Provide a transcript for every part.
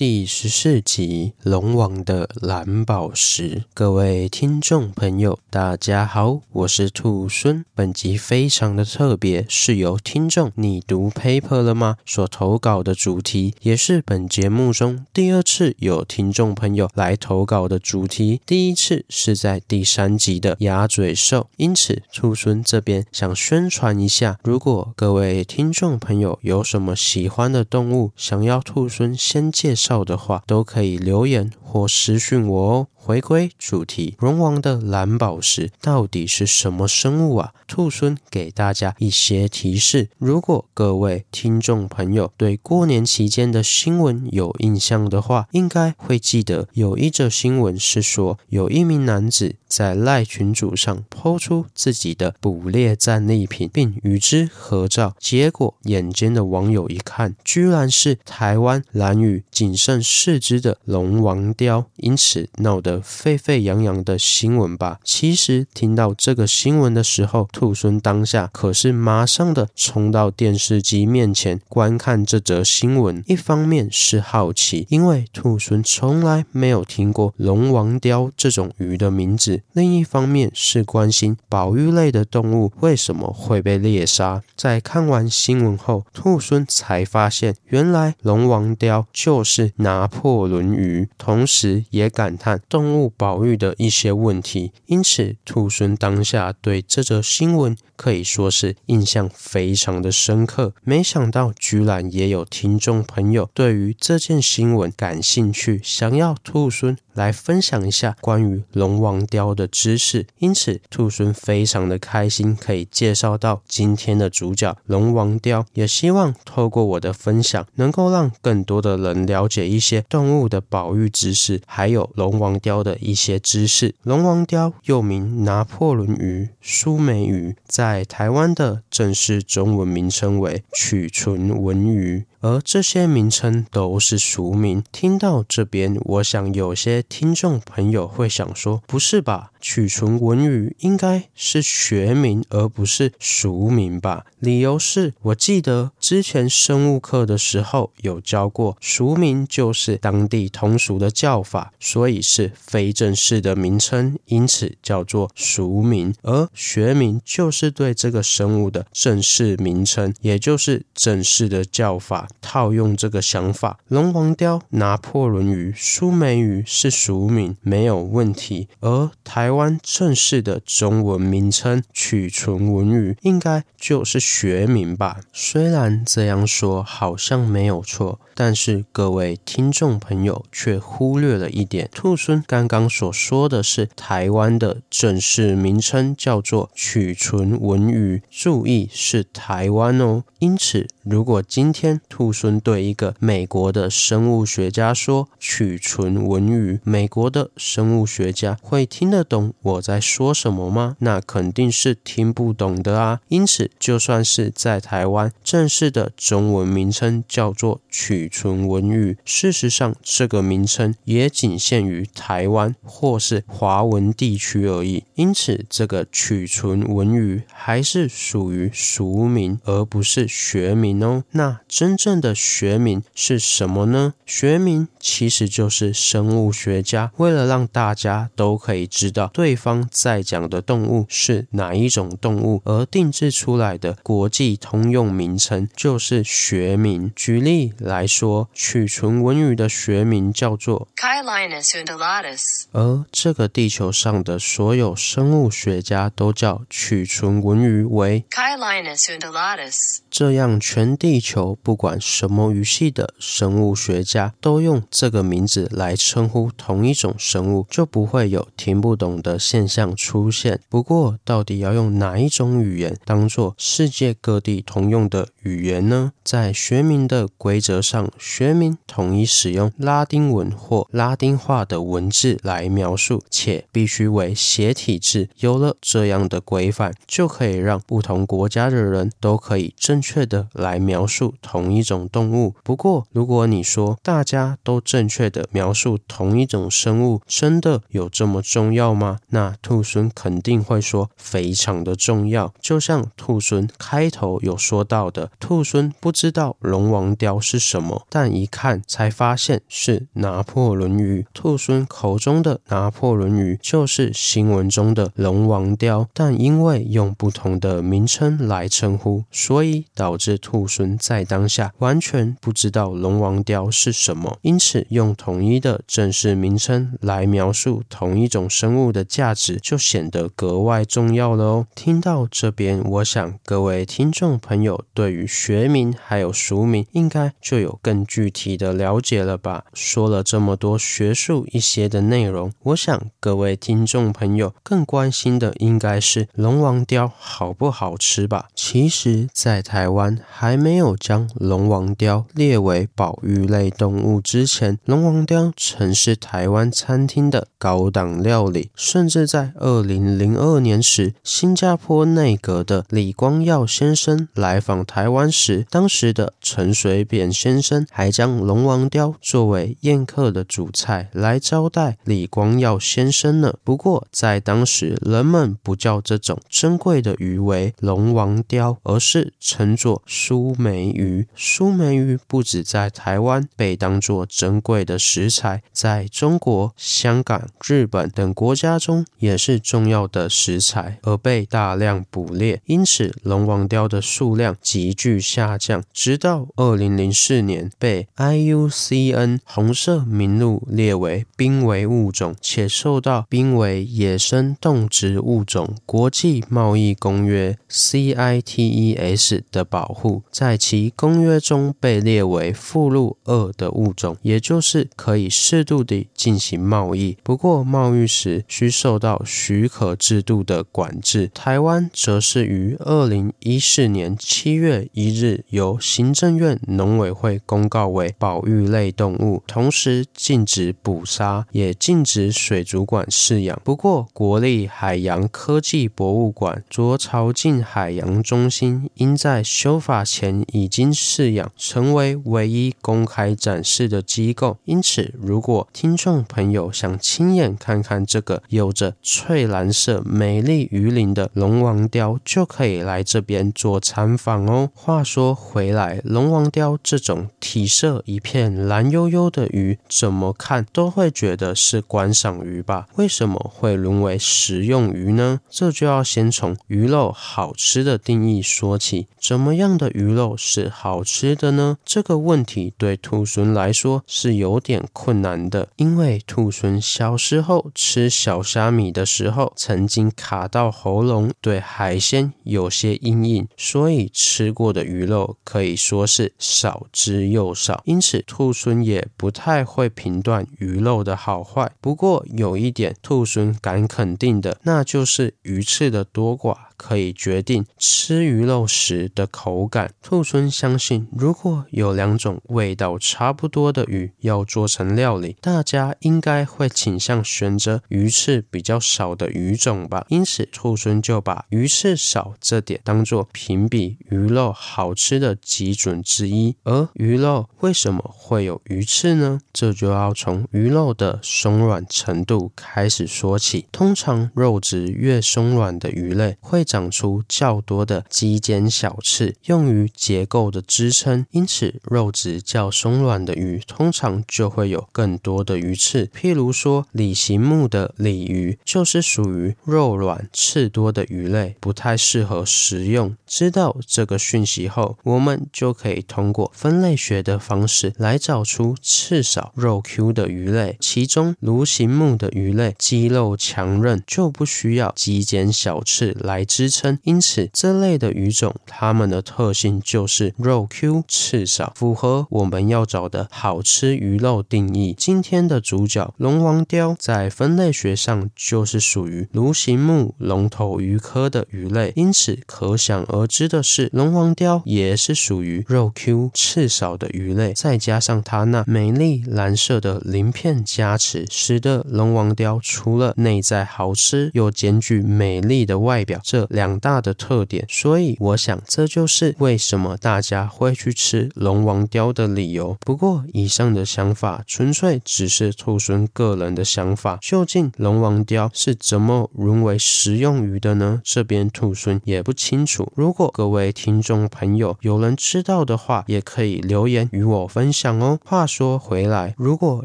第十四集《龍王的藍寶石》。各位聽眾朋友，大家好，我是兔猻。本集非常的特別，是由聽眾“你讀 paper 了嗎”所投稿的主題，也是本節目中第二次有聽眾朋友來投稿的主題。第一次是在第三集的鴨嘴獸。因此，兔猻這邊想宣傳一下，如果各位聽眾朋友有什麼喜歡的動物，想要兔猻先介紹。到的話，都可以留言或私訊我哦。回歸主題，龍王的藍寶石到底是什麼生物啊？兔猻給大家一些提示。如果各位聽眾朋友對過年期間的新聞有印象的話，應該會記得有一則新聞是說，有一名男子在賴群組上拋出自己的捕獵戰利品，並與之合照，結果眼尖的網友一看，居然是台灣蘭嶼僅剩四隻的龍王鯛，因此鬧得沸沸揚揚的新聞吧。其實聽到這個新聞的時候，兔猻當下可是馬上的衝到電視機面前觀看這則新聞。一方面是好奇，因為兔猻從來沒有聽過龍王鯛這種魚的名字；另一方面是關心保育類的動物為什麼會被獵殺。在看完新聞後，兔猻才發現，原來龍王鯛就是拿破崙魚，同時也感嘆動物保育的一些問題，因此兔猻當下對這則新聞可以說是印象非常的深刻。沒想到，居然也有聽眾朋友對於這件新聞感興趣，想要兔猻。來分享一下關於龍王鯛的知識，因此兔猻非常的開心，可以介紹到今天的主角龍王鯛，也希望透過我的分享，能夠讓更多的人了解一些動物的保育知識，還有龍王鯛的一些知識。龍王鯛又名拿破崙魚、蘇眉魚，在台灣的正式中文名稱為曲紋唇魚。而這些名稱都是俗名。聽到這邊，我想有些聽眾朋友會想說：“不是吧？曲紋唇魚應該是學名，而不是俗名吧？”理由是我記得。之前生物課的時候有教過，俗名就是當地通俗的叫法，所以是非正式的名稱，因此叫做俗名。而學名就是對這個生物的正式名稱，也就是正式的叫法。套用這個想法，龍王鯛、拿破崙魚、蘇眉魚是俗名，沒有問題。而台灣正式的中文名稱——曲紋唇魚，應該就是學名吧？雖然。這樣說好像沒有錯，但是各位聽眾朋友卻忽略了一點，兔猻剛剛所說的是台灣的正式名稱叫做曲唇文魚，注意是台灣哦。因此，如果今天兔猻對一個美國的生物學家說曲唇文魚，美國的生物學家會聽得懂我在說什麼嗎？那肯定是聽不懂的啊。因此，就算是在台灣，正式。的中文名稱叫做曲唇紋魚。事實上，這個名稱也僅限於台灣或是華文地區而已。因此，這個曲唇紋魚還是屬於俗名，而不是學名哦。那真正的學名是什麼呢？學名其實就是生物學家為了讓大家都可以知道對方在講的動物是哪一種動物而定制出來的國際通用名稱。就是學名。舉例來說，曲紋唇魚的學名叫做 Cheilinus undulatus，而這個地球上的所有生物學家都叫曲紋唇魚為 Cheilinus undulatus。這樣，全地球不管什麼語系的生物學家都用這個名字來稱呼同一種生物，就不會有聽不懂的現象出現。不過，到底要用哪一種語言當做世界各地通用的語言呢？在學名的規則上，學名統一使用拉丁文或拉丁化的文字來描述，且必須為斜體字。有了這樣的規範，就可以讓不同國家的人都可以正。正確的來描述同一種動物。不過，如果你說大家都正確的描述同一種生物，真的有這麼重要嗎？那兔猻肯定會說非常的重要。就像兔猻開頭有說到的，兔猻不知道龍王鯛是什麼，但一看才發現是拿破崙魚。兔猻口中的拿破崙魚就是新聞中的龍王鯛，但因為用不同的名稱來稱呼，所以。導致兔猻在當下完全不知道龍王鯛是什麼，因此用統一的正式名稱來描述同一種生物的價值就顯得格外重要了哦。聽到這邊，我想各位聽眾朋友對於學名還有俗名應該就有更具體的了解了吧？說了這麼多學術一些的內容，我想各位聽眾朋友更關心的應該是龍王鯛好不好吃吧？其實，在台。台灣還沒有將龍王鯛列為保育類動物之前，龍王鯛曾是台灣餐廳的高檔料理，甚至在二零零二年時，新加坡內閣的李光耀先生來訪台灣時，當時的陳水扁先生還將龍王鯛作為宴客的主菜來招待李光耀先生呢。不過，在當時人們不叫這種珍貴的魚為龍王鯛，而是稱做蘇眉魚，蘇眉魚不止在台灣被當作珍貴的食材，在中國、香港、日本等國家中也是重要的食材，而被大量捕獵，因此龍王鯛的數量急劇下降，直到二零零四年被 IUCN 紅色名錄列為瀕危物種，且受到瀕危野生動植物種國際貿易公約 CITES 等。的保護，在其公約中被列為附錄二的物種，也就是可以適度地進行貿易，不過貿易時需受到許可制度的管制。台灣則是於二零一四年七月一日由行政院農委會公告為保育類動物，同時禁止捕殺，也禁止水族館飼養。不過，國立海洋科技博物館卓潮境海洋中心應在修法前已經飼養，成為唯一公開展示的機構。因此，如果聽眾朋友想親眼看看這個有着翠藍色美麗魚鱗的龍王鯛，就可以來這邊做參訪哦。話說回來，龍王鯛這種體色一片藍幽幽的魚，怎麼看都會覺得是觀賞魚吧？為什麼會淪為食用魚呢？這就要先從魚肉好吃的定義說起。什麼樣的魚肉是好吃的呢？這個問題對兔猻來說是有點困難的，因為兔猻小時候吃小蝦米的時候曾經卡到喉嚨，對海鮮有些陰影，所以吃過的魚肉可以說是少之又少。因此，兔猻也不太會評斷魚肉的好壞。不過有一點，兔猻敢肯定的，那就是魚刺的多寡。可以決定吃魚肉時的口感。兔猻相信，如果有兩種味道差不多的魚要做成料理，大家應該會傾向選擇魚刺比較少的魚種吧。因此，兔猻就把魚刺少這點當做評比魚肉好吃的基準之一。而魚肉為什麼會有魚刺呢？這就要從魚肉的鬆軟程度開始說起。通常，肉質越鬆軟的魚類會長出較多的肌間小刺，用於結構的支撐，因此肉質較鬆軟的魚，通常就會有更多的魚刺。譬如說，鯉形目的鯉魚，就是屬於肉軟刺多的魚類，不太適合食用。知道這個訊息後，我們就可以通過分類學的方式來找出刺少肉 Q 的魚類。其中，鱸形目的魚類肌肉強韌，就不需要肌間小刺來支撐。因此，這類的魚種，它們的特性就是肉 Q 刺少，符合我們要找的好吃魚肉定義。今天的主角龍王鯛，在分類學上就是屬於鱸形目隆頭魚科的魚類，因此可想而知。而知的是，龍王鯛也是屬於肉 Q 刺少的魚類，再加上它那美麗藍色的鱗片加持，使得龍王鯛除了內在好吃，又兼具美麗的外表這兩大的特點，所以我想這就是為什麼大家會去吃龍王鯛的理由。不過，以上的想法純粹只是兔猻個人的想法。究竟龍王鯛是怎麼淪為食用魚的呢？這邊兔猻也不清楚。如如果各位聽眾朋友有人知道的話，也可以留言與我分享哦。話說回來，如果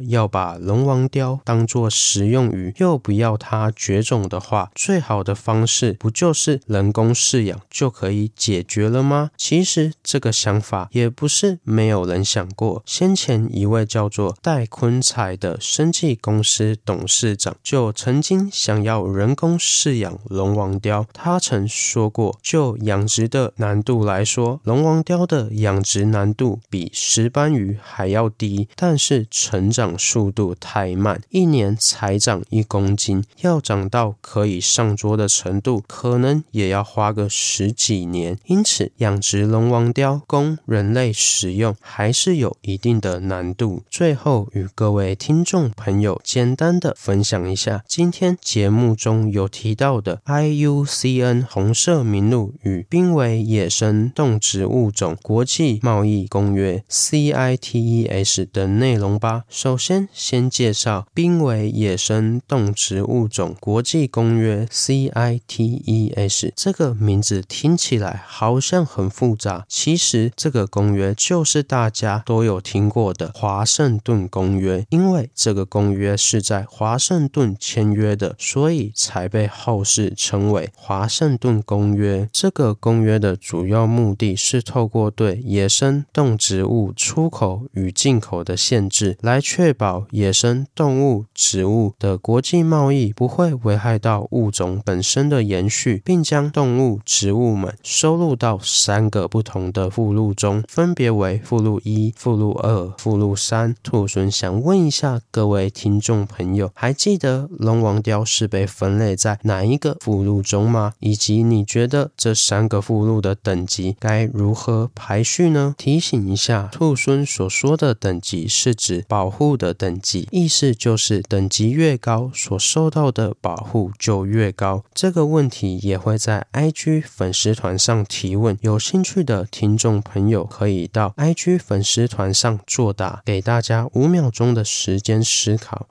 要把龍王雕當做食用魚，又不要它絕種的話，最好的方式不就是人工飼養就可以解決了嗎？其實這個想法也不是沒有人想過。先前一位叫做戴昆才的生技公司董事長就曾經想要人工飼養龍王雕，他曾說過：“就養。”的難度來說，龍王鯛的養殖難度比石斑魚還要低，但是成長速度太慢，一年才長一公斤，要長到可以上桌的程度，可能也要花個十幾年。因此，養殖龍王鯛供人類食用還是有一定的難度。最後，與各位聽眾朋友簡單的分享一下，今天節目中有提到的 IUCN 紅色名錄與冰。瀕危野生動植物種國際貿易公約 （CITES） 的內容吧。首先，先介紹瀕危野生動植物種國際公約 （CITES） 這個名字聽起來好像很複雜，其實這個公約就是大家都有聽過的華盛頓公約。因為這個公約是在華盛頓簽約的，所以才被後世稱為華盛頓公約。這個公約公約的主要目的是透過對野生動植物出口與進口的限制，來確保野生動物植物的國際貿易不會危害到物種本身的延續，並將動物植物們收入到三個不同的附錄中，分別為附錄一、附錄二、附錄三。兔猻想問一下各位聽眾朋友，還記得龍王鯛是被分類在哪一個附錄中嗎？以及你覺得這三個附錄的等級該如何排序呢？提醒一下，兔猻所說的等級是指保護的等級，意思就是等級越高，所受到的保護就越高。這個問題也會在 IG 粉絲團上提問，有興趣的聽眾朋友可以到 IG 粉絲團上作答，給大家五秒鐘的時間思考。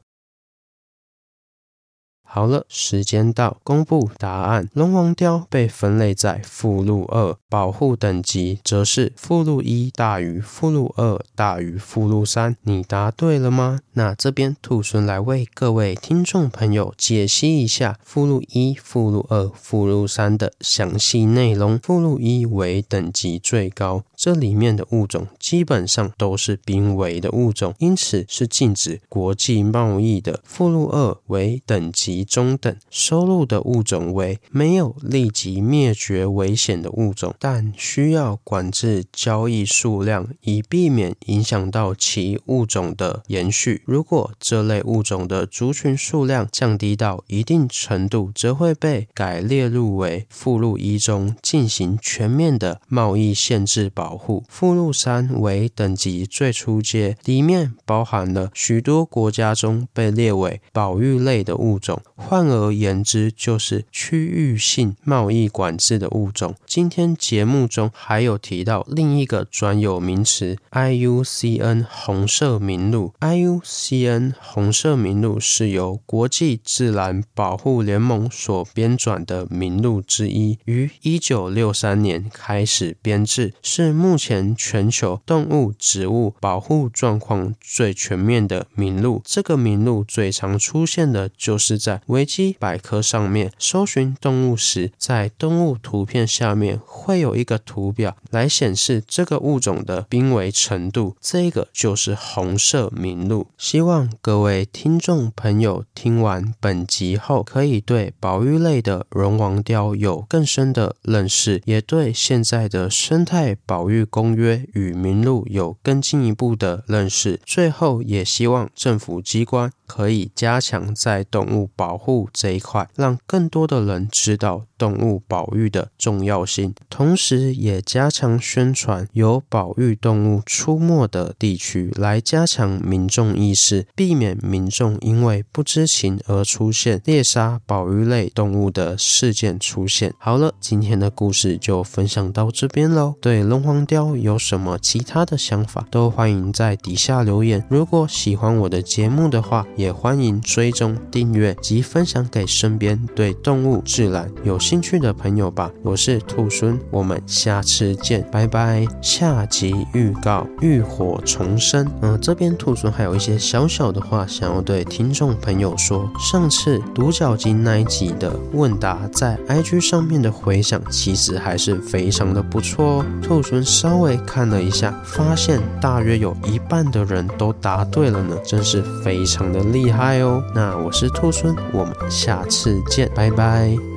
好了，時間到，公布答案。龍王鯛被分類在附錄二，保護等級則是附錄一大於附錄二大於附錄三。你答對了嗎？那這邊兔猻來為各位聽眾朋友解析一下附錄一、附錄二、附錄三的詳細內容。附錄一為等級最高。這裡面的物種基本上都是瀕危的物種，因此是禁止國際貿易的。附錄二為等級中等，收錄的物種為沒有立即滅絕危險的物種，但需要管制交易數量，以避免影響到其物種的延續。如果這類物種的族群數量降低到一定程度，則會被改列入為附錄一中，進行全面的貿易限制保護。護附錄三為等級最初階，裡面包含了許多國家中被列為保育類的物種。換而言之，就是區域性貿易管制的物種。今天節目中還有提到另一個專有名詞 IUCN 紅色名錄。IUCN 紅色名錄是由國際自然保護聯盟所編纂的名錄之一，於一九六三年開始編制，是。目前全球動物植物保護狀況最全面的名錄，這個名錄最常出現的就是在維基百科上面。搜尋動物時，在動物圖片下面會有一個圖表來顯示這個物種的瀕危程度，這個就是紅色名錄。希望各位聽眾朋友聽完本集後，可以對保育類的龍王鯛有更深的認識，也對現在的生態保育公約與名錄有更進一步的認識。最後，也希望政府機關可以加強在動物保護這一塊，讓更多的人知道動物保育的重要性，同時也加強宣傳有保育動物出沒的地區，來加強民眾意識，避免民眾因為不知情而出現獵殺保育類動物的事件出現。好了，今天的故事就分享到這邊嘍。對龍王。鯛有什麼其他的想法，都歡迎在底下留言。如果喜歡我的節目的話，也歡迎追蹤訂閱及分享給身邊對動物自然有興趣的朋友吧。我是兔猻，我們下次見，拜拜。下集預告：浴火重生。嗯、呃，這邊兔猻還有一些小小的話想要對聽眾朋友說。上次獨角鯨那一集的問答在 IG 上面的迴響，其實還是非常的不錯哦。兔猻。稍微看了一下，發現大約有一半的人都答對了呢，真是非常的厲害哦。那我是兔猻，我們下次見，拜拜。